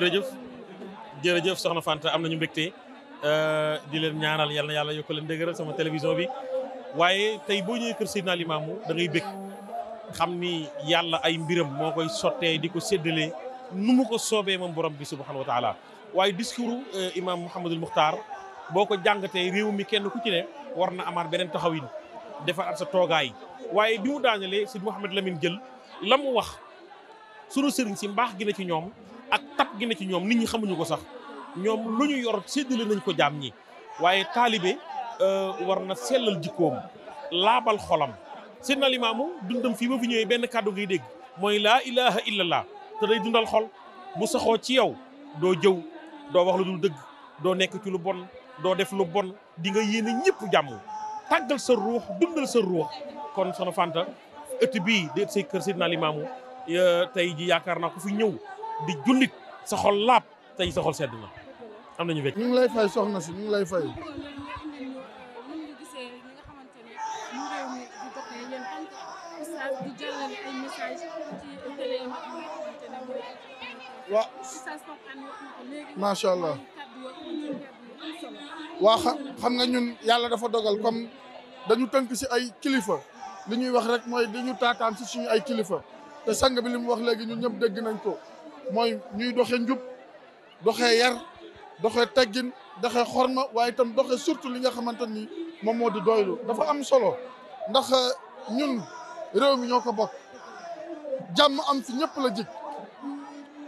jërëjëf jërëjëf soxna Fanta am nañu mbégte euh, di leen ñaanal yal na yàlla yokk leen dëgëral sama télévision bi waaye tey boo ñëwee kër Seydina Limaamu da bég xam ni yàlla ay mbiram moo koy sottee di ko séddalee nu mu ko soobee moom borom bi subhanahu wa taala waaye discours euh, imam Mouhamadul Muxtaar boo ko jàngatee réew mi kenn ku ci ne war na amaat beneen taxawin defar at sa toogaay waaye bi mu daanelee si Mouhamad Lamine jël la mu wax sunu sëriñ si mbaax gi ci ñoom ak tab gi ne ci ñoom nit ñi xamuñu ko sax ñoom lu ñu yor séddale nañ ko jaam ñi waaye taalibe euh, war na sellal jikkoom laabal xolam seen na limaamu dundam fii ba fi ñëwee benn kàddu ngay dégg mooy laa ilaha illallah te day dundal xol bu saxoo ci yow doo jëw doo wax lu dul dëgg doo nekk ci lu bon doo def lu bon di nga yéene ñëpp jàmm tàggal sa ruux dundal sa ruux kon soxna Fanta ëtt bii di ëtt say kër Seydina Limaamu euh, tey ji yaakaar naa ko fi ñëw di jullit sa xol laab tey sa sedd na am nañu wécc. ñu ngi lay fay soxna si ñu ngi lay fay. waa macha allah waa xam nga ñun yàlla dafa dogal comme dañu tënk si ay kilifa li ñuy wax rek mooy dañu taataan si suñu ay kilifa te sang bi li mu wax léegi ñun ñëpp dégg nañ ko. mooy ñuy doxe njub doxee yar doxee teggin doxee xorma waaye itam doxee surtout li nga xamante ni moom moo di doylu dafa am solo ndax euh, ñun réew mi ñoo ko bokk jàmm am fi ñëpp la jig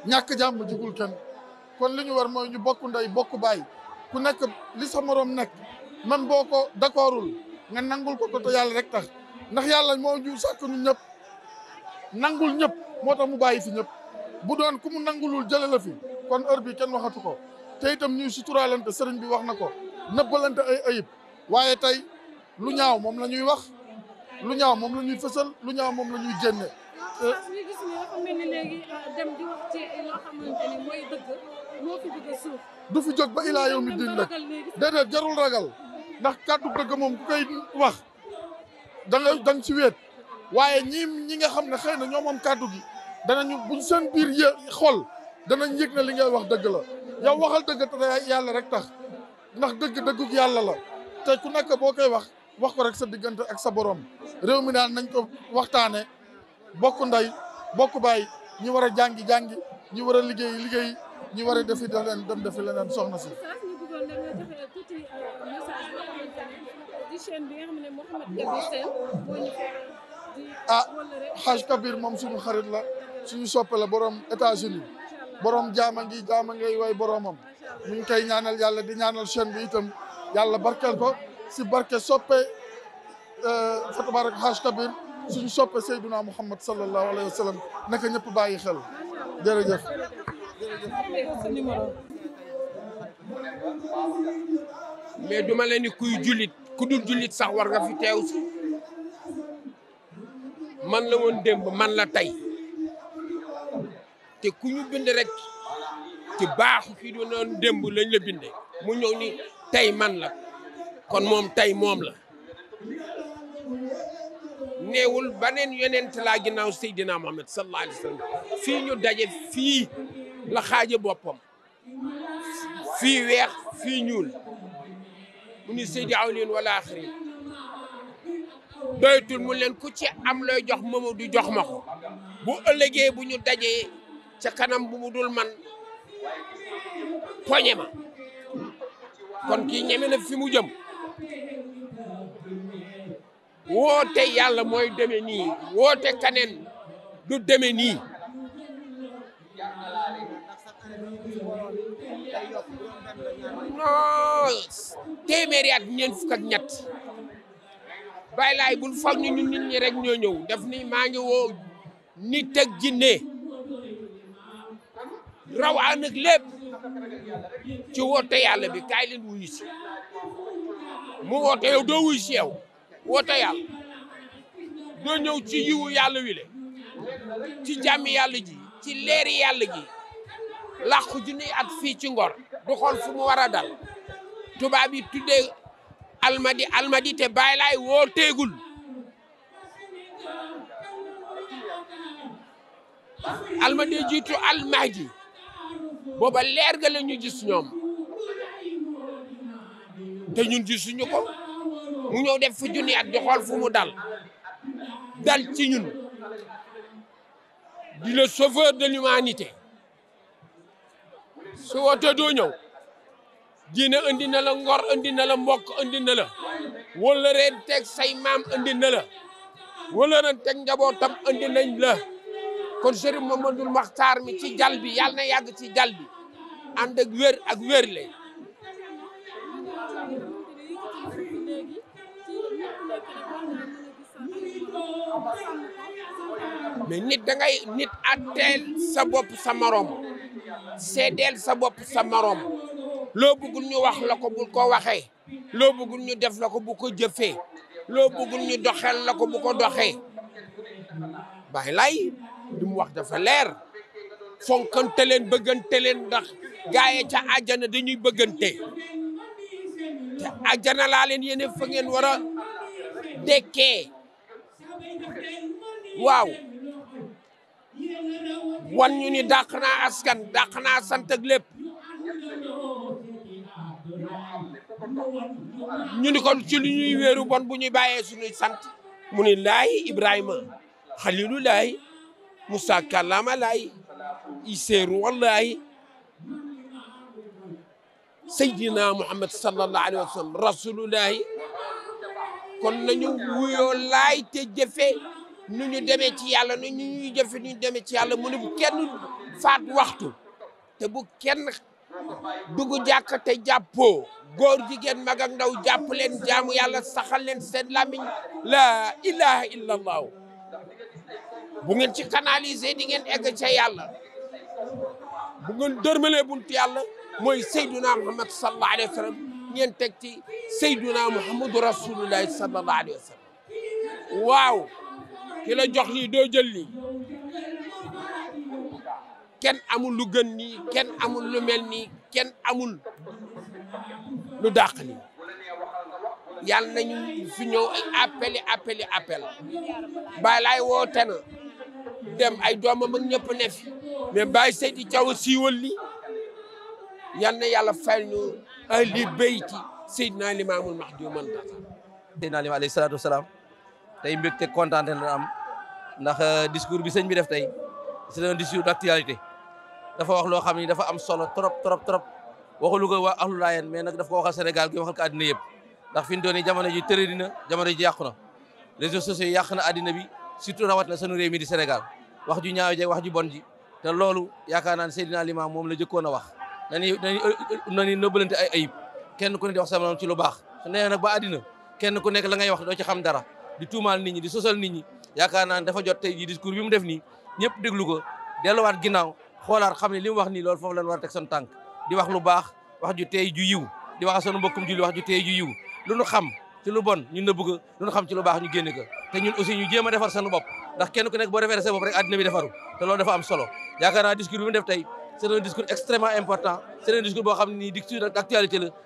ñàkk jàmm jigul kenn kon li ñu war mooy ñu bokk nday bokku baay ku nekk li sa moroom nekk man boo ko d'accordul nga nangul ko ko te yàlla rek tax ndax yàlla moo ñu sàkk ñun ñëpp nangul ñëpp moo tax mu bàyyi fi ñëpp bu doon ku mu nangulul jële fi kon heure bi kenn waxatu ko te itam ñuy suturaalante sëriñ bi wax na ko nëbbalante ay ayib waaye tey lu ñaaw moom la ñuy wax lu ñaaw moom la ñuy fësal lu ñaaw moom la ñuy génne. Euh, ñu euh, dem di wax ci loo xamante ni mooy dëgg moo fi dugg suuf. du fi jóg ba ilaa yow mi din rek déedéet jarul ragal ndax kàddu dëgg moom ku koy wax da nga da ci wet waaye ñi ñi nga xam ne xëy na ñoo moom kàddu gi. danañu buñ seen biir yé xol danañ yëg na li ngay wax dëgg la yow waxal dëgg te yàlla rek tax ndax dëgg dëggug yàlla la te ku nekk boo koy wax wax ko rek sa diggante ak sa boroom réew mi daal nañ ko waxtaane bokk ndey bokk baay ñi war a jàngi jàngi ñi war a liggéey liggéey ñi war a defi da leen dem defi leneen soxna si euh, bi nga ah xaj kabir moom suñu xarit la suñu soppe la borom États-Unis borom jaama ngi jaama ngay way boromam ñu ngi koy ñaanal yàlla di ñaanal chaîne bi itam yàlla barkeel ko si barke soppe eh, fa tabarak xaj kabir suñu soppe Seydina Muhammad sallallahu alayhi wa sallam naka ñëpp bàyyi xel jërëjëf mais duma leen ni kuy jullit ku dul jullit sax war nga fi teew si man la woon démb man la tey te ku ñu bind rek ci baaxu ki doon démb lañ la bindee mu ñëw ni tey man la kon moom tey moom la neewul baneen yonent laa ginnaaw Seydina Muhammad sallallahu alayhi wa sallam fii ñu daje fii la xaaje boppam fii weex fii ñuul mu ni Seydi Awliin wala axiri doyatul mu leen ku ci am looy jox Mamadou jox ma bu ëllëgee bu ñu dajee ca kanam bu mu dul man poñe ma kon kii ñeme na fi mu jëm woote yàlla mooy deme nii woote kaneen du deme nii non téeméeri at ñeent fukk ak ñett bàyyi laay bul foog ni ñi rek ñoo ñëw def ni maa ngi woo nit ak jinne rawaan ak ci woote yàlla bi kaay leen wuyu si mu woote yow doo wuyu si yow woote yàlla doo ñëw ci yiwu yàlla wi ci jàmmi yàlla ji ci leeri yàlla ji làqu junniy at fi ci ngor du xool fu mu war dal tubaab yi tuddee almadi almadi te Baay Laay woo teegul almadi jiitu almahdi booba leer ga la ñu ñoom te ñun ko mu ñëw def fi junni at fu mu dal dal ci ñun di le sauveur de l'humanité su wootee doo ñëw diine andi la ngor andi la mbokk andi la wala teg say maam andi na la wala reen teg njabootam andi la kon Serigne Mamadou Makhtar mi ci jal bi na yàgg ci jal bi ànd ak wér ak nit da nit atteel sa bopp sa moroom seedeel sa bopp sa moroom loo bëggul ñu wax la ko bul ko waxe loo bëggul ñu def la ko bu ko jëfee loo bëggul ñu doxel la ko bu ko doxee bàyyi lay li mu wax dafa leer fonkante leen bëggante leen ndax gaaye ca àjjana dañuy bëggante te àjjana laa leen yéene fa ngeen war a waaw wan ñu ni dàq naa askan dàq naa sant ak lépp ñu ni kon ci lu ñuy wéeru bon bu ñuy bàyyee suñuy sant mu ni laay Ibrahima xalilu laay Moussa Kallama laay Iseeru wallaay Seydina Muhammad sallallahu alayhi wa sallam rasululahi kon nañu wuyoo laay te jëfe nu ñu demee ci yàlla nu ñuy jëfe nu ñu demee ci yàlla mu ne bu kenn faat waxtu te bu kenn dugg jàkk te jàppoo góor jigéen mag ak ndaw jàpp leen jaamu yàlla saxal leen seen lamiñ la ilaha illa allahu bu ngeen ci canaliser di ngeen egg ca yàlla bu ngeen dërmalee buntu yàlla mooy sayduna muhammad sallallahu alayhi wa sallam ngeen teg ci sayduna muhammadu rasulullahi sallallahu alayhi wa sallam waaw ki la jox lii kenn amul lu gën ni kenn amul lu mel nii kenn amul lu dàq ni yàlla nañu fi ñëw ay appel yi appel yi appel bàyyi laay woote dem ay doomam ak ñëpp ne fi mais bàyyi Seydi Thiaw siiwal li yal na yàlla fayal ñu ahli bayti Seydina Limaamul Mahdi man data Seydina Limaam alayhi salaatu wasalaam tey mbégte kontaan na am ndax euh, discours bi sëñ bi def tey c'est un discours d'actualité dafa wax loo xam ni dafa am solo trop trop trop waxulu ko waa ahlu laayeen mais nag daf ko waxal Sénégal gi waxal ko àddina yëpp ndax fi mu doon jamono ji tërëri na ji yàqu na réseaux sociaux yi yàq na àddina bi surtout rawat na sunu réew mi di Sénégal wax ju ñaaw jeeg wax ju bon ji te loolu yaakaar naa ne moom la jëkkoon a wax nañu nañu nañu ay ayib kenn ku ne di wax sama ci lu baax su nee nag ba àddina kenn ku nekk la ngay wax doo ci xam dara di tuumaal nit ñi di sosal nit ñi yaakaar naa ne dafa jot tey jii discours bi mu def nii xoolaat xam ne li mu wax ni loolu foofu lañ war a teg son tànk di wax lu baax wax ju tey ju yiw di wax sunu mbokkum julli wax ju tey lu nu xam ci lu bon ñu nëbb ko lu nu xam ci lu baax ñu génne ko te ñun aussi ñu jéem a defar seen bopp ndax kenn ku nekk boo defee sa bopp rek àddina bi defaru te loolu dafa am solo yaakaar naa discours bi mu def tey c'est un discours extrêmement important c'est un discours boo xam ne nii discours la te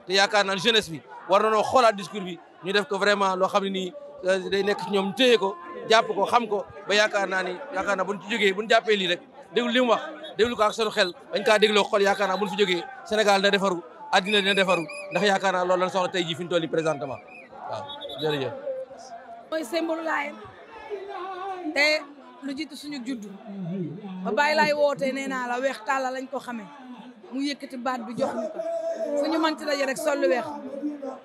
yaakaar jeunesse bi war na noo xoolaat discours bi ñu def ko vraiment loo xam ne nii euh, day nekk ci ñoom téye ko jàpp ko xam ko ba yaakaar naa ni yaakaar naa buñ ci jógee buñ jàppee lii rek déglu li wax déglu ko ak sunu xel dañ kaa dégloo xol yaakaar naa bu si fi jógee Sénégal dina defaru addina dina defaru ndax yaakaar naa loolu lañ soxla tey jii fi ñu toll nii présentement waaw jërëjëf. mooy symbole Laayeen suñu juddu ba bàyyi laay wootee nee naa la weex tàlla lañ ko xamee mu yëkkati baat bi jox ñu ko fu ñu mënti daje rek sol lu weex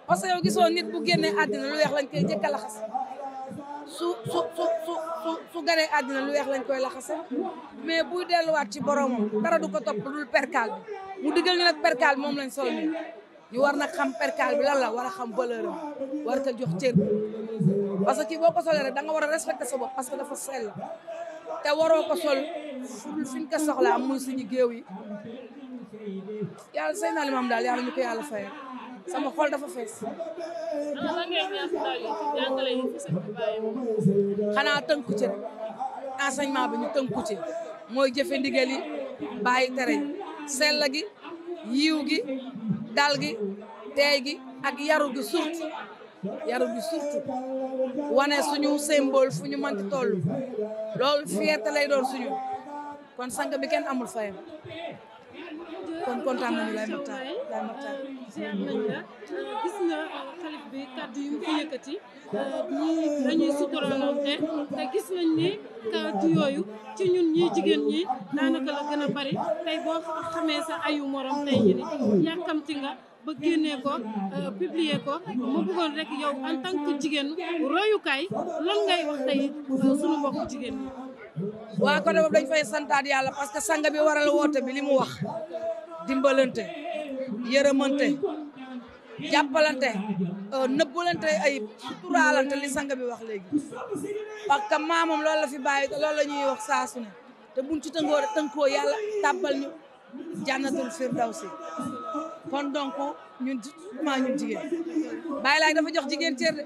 parce que yow gisoo nit bu génnee addina lu weex lañ koy jëkk laxas su su su su su su ganee àddina lu weex lañ koy laxase mais buy delluwaat ci boromam dara du ko topp dul percal bi mu diggal ñu nag percal bi moom lañ sol ni ñu war na xam percal bi lan la war a xam valeur am war ko jox cër parce que kii boo ko solee da nga war a respecté sa bopp parce que dafa sell te waroo ko sol fi ñu ko soxlaa muy suñu géew yi yàlla say naa li ma am daal yàlla ñu ko yàlla fayal. sama xol dafa fees. xanaa tënku ci rek enseignement bi ñu tënku ci mooy jëfe ndigal yi bàyyi tere yi sell gi yiw gi dal gi teey gi ak yaru gi surtout yaru gi surtout wane suñu symbole fu ñu mënti toll loolu fierté lay dool suñu kon sang bi kenn amul fayam. kon kontaan nañu Laye Makhtar Laye Makhtar. nañ la euh, gis nga xalif euh, bi kaddu yu mu fi yëkkati ñii euh, dañuy sukkandoonte te gis nañ ni kaddu yooyu ci ñun ñii jigéen ñi daanaka la gën a bari tey boo xamee sa ayu morom tey jii nii yàkkamti nga. ba génnee ko publier ko ma bëggoon rek yow en tant que jigéen royukaay lan ngay wax tey sunu mbokku jigéen ñi. waa côté boobu dañ fay santaat yàlla parce que sang bi waral woote bi li mu wax dimbalante yërëmante jàppalante euh, nëbbulante ay turaalante li sanga bi wax léegi parce que moom loolu la fi bàyyi loolu la ñuy wax saasu ne te buñ ci tëngoo tënkoo yàlla tàbbal ñu jànnatul firdawsi kon donc ñun surtout ñun jigéen bàyyi laay dafa jox jigéen cër de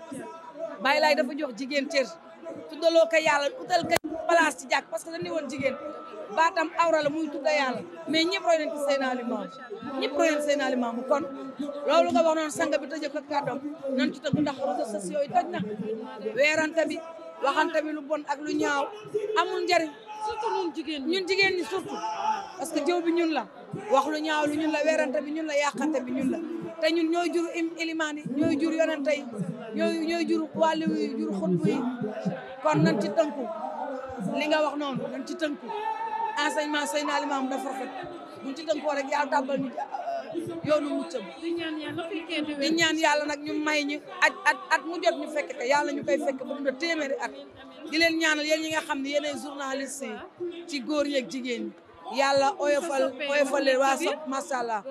bàyyi laay dafa jox jigéen cër tuddaloo ko yàlla utal ka place ci jàkk parce que dañu ne woon jigéen baatam awra la muy tudda yàlla mais ñëpp roy nañ ci Seydina Limaamu ñëpp roy nañ ci Seydina Limaamu kon loolu nga wax noonu sang bi tëjee ko kàddoom nan ci tëgg ndax réseaux sociaux yi toj na weerante bi waxante bi lu bon ak lu ñaaw amul njariñ surtout ñun jigéen ñun jigéen ñi surtout parce que jëw bi ñun la wax lu ñaaw lu ñun la weerante bi ñun la yàqante bi ñun la te ñun ñoo jur ilimaan yi ñooy jur yonente yi ñooy ñooy jur wàllu yi jur xutbu yi kon nan li nga wax noonu dañ ci tënku enseignement say naa limaam dafa rafet buñ ci tënkoo rek yàlla tàbbal ñu euh, yoonu muccam di ñaan yàlla nag ñu may ñu at at at mu jot ñu fekk ko yàlla ñu koy fekk ba mu doon téeméeri at di leen ñaanal yéen ñi nga xam ne yéen ay journaliste yi ci góor yeeg jigéen ñi yàlla oyofal oyofal leen waa sax macha allah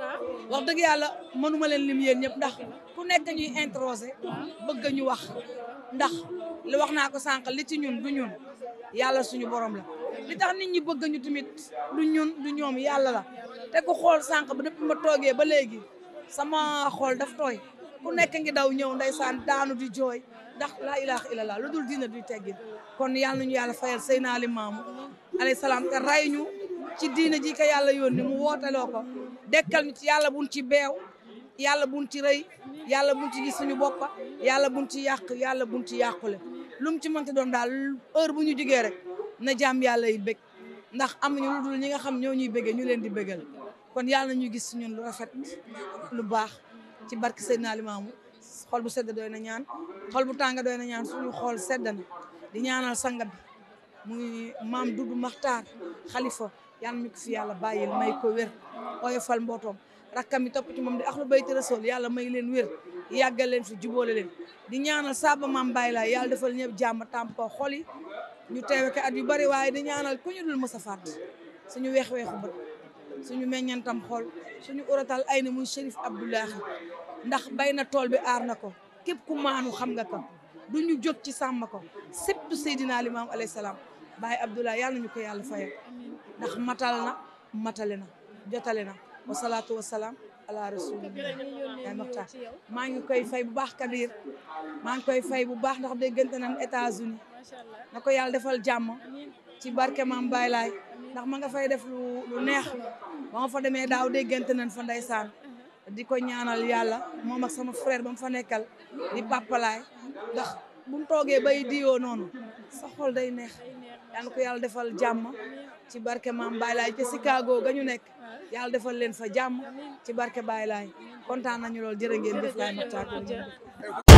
wax dëgg yàlla mënuma leen lim yéen ñëpp ndax ku nekk ñuy introsé bëgg ñu wax ndax li wax naa ko sànq li ci ñun du ñun yàlla suñu borom la li tax nit ñi bëgg ñu tamit du ñun du ñoom yàlla la te ku xool sànq ba depuis ma toogee ba léegi sama xool daf tooy ku nekk ngi daw ñëw ndeysaan daanu di jooy ndax laa ilaaha illallah lu dul diina duy teggin kon yàlla ñu yàlla fayal Seydina Limaamu alayhi salaam te ray ñu ci diina ji ka yàlla yoon yónni mu wooteloo ko dekkal ñu ci yàlla buñ ci beew yàlla buñ ci rey yàlla buñ ci gis suñu boppa yàlla buñ ci yàq yàlla buñ ci yàqule lu mu ci mënti doon daal heure bu ñu jugee rek na jaam yàlla yi bég ndax amuñu lu dul ñi nga xam ñoo ñuy béggee ñu leen di béggal kon yàlla ñu gis ñun lu rafet lu baax ci barke Seydina Limaamu xol bu sedd doy na ñaan xol bu tànga doy na ñaan suñu xool sedd na di ñaanal sanga bi muy maam Dudu Maxtaar xalifa yàlla ñu ko fi yàlla bàyyil may ko wér ooyofal mbootoom rakkam yi topp ci moom di axlu bayti rasool yàlla may leen wér yàggal leen fi jubóole leen di ñaanal saaba Mame Baye Laye yàlla defal ñëpp jàmm tàmpa xol yi ñu teewe ko at yu bari waaye di ñaanal ku ñu dul mës a fàtt suñu weex-weexu suñu meññantam xol suñu uratal ay na muy Chérif Abdoulahi ndax bay na tool bi aar na ko képp ku maanu xam nga ko du ñu jot ci sàmm ko surtout Seydina Limaamu alayhi salaam baay Baye Abdoulaye yàlla ñu ko yàlla fayal ndax matal na matale na jotale na wasalaatu wasalaam ala rasul yaay Moxtaar maa ngi koy fay bu baax Kabir maa ngi koy fay bu baax ndax déggante nañ États-Unis na ko yàlla defal jàmm ci barke maam Baay Laay ndax ma nga fay def lu lu neex ba fa demee daaw déggante nañ fa ndeysaan di ko ñaanal yàlla moom ak sama frère bam fa nekkal di pàppalaay ndax bu toogee bay diyoo noonu sa xol day neex yal ko yàlla defal jàmm ci barke maam Baay Laay ci Chicago ga nekk yàlla defal leen fa jàmm ci barke Baye Laay kontaan nañu lool jërë ngeen jëf laay Makhtar